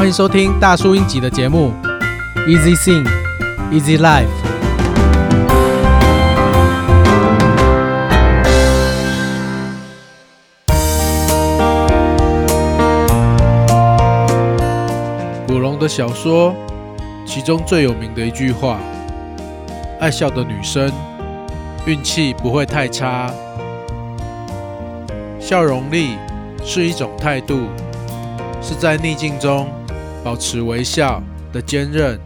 歡迎收聽大叔英吉的節目《Easy Sing Easy Life》。古龍的小說，其中最有名的一句話：“愛笑的女生運氣不會太差。”笑容力是一種態度，是在逆境中，保持微笑的堅韌，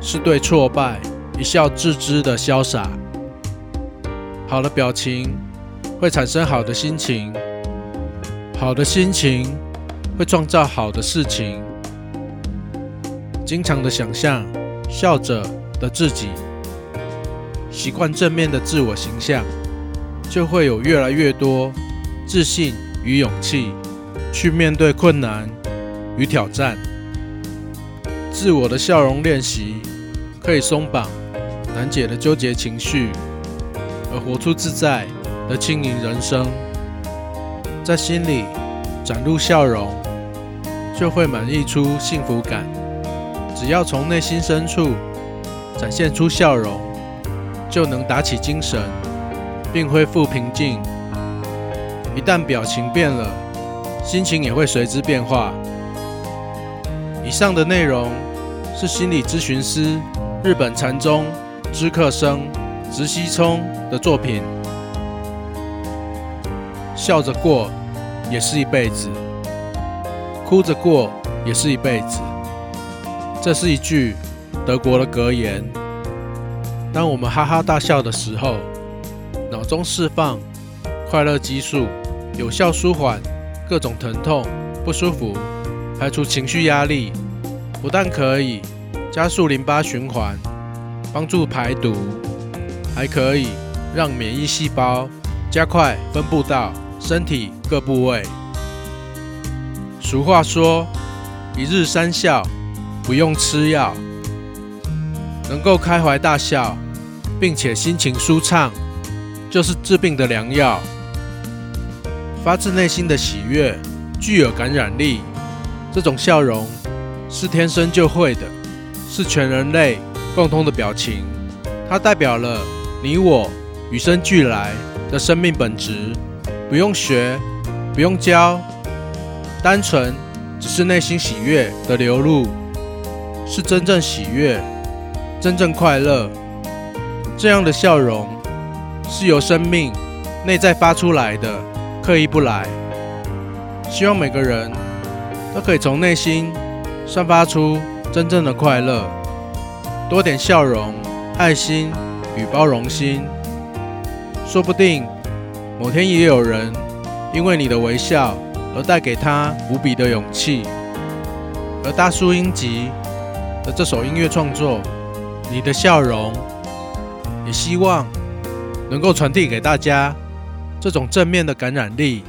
是對挫敗一笑置之的瀟灑。好的表情會產生好的心情，好的心情會創造好的事情。經常的想象笑着的自己，習慣正面的自我形象，就會有越來越多自信與勇氣去面對困難與挑戰。自我的笑容練習，可以鬆綁難解的糾結情緒，而活出自在的輕盈人生。在心裡展露笑容，就會滿溢出幸福感。只要從內心深處展現出笑容，就能打起精神，並恢復平靜。一旦表情變了，心情也會隨之變化。以上的內容。是心理諮詢師、日本禪宗知客僧植西聰的作品。笑着過也是一輩子，哭着過也是一輩子。這是一句德國的格言。當我們哈哈大笑的時候，腦中釋放快樂激素，有效舒緩各種疼痛、不舒服，排除情緒壓力。不但可以加速淋巴循環，幫助排毒，還可以讓免疫細胞加快分布到身體各部位。俗話說：“一日三笑，不用吃藥。”能夠開懷大笑，並且心情舒暢，就是治病的良藥。發自內心的喜悅具有感染力，這種笑容。是天生就會的，是全人類共通的表情。它代表了你我與生俱來的生命本質，不用學，不用教，單純只是內心喜悅的流露，是真正喜悅、真正快樂。這樣的笑容是由生命內在發出來的，刻意不來。希望每個人都可以從內心。散發出真正的快樂，多點笑容、愛心與包容心，說不定某天也有人因為你的微笑而帶給他無比的勇氣。而大叔英吉的這首音樂創作《你的笑容》，也希望能夠傳遞給大家這種正面的感染力。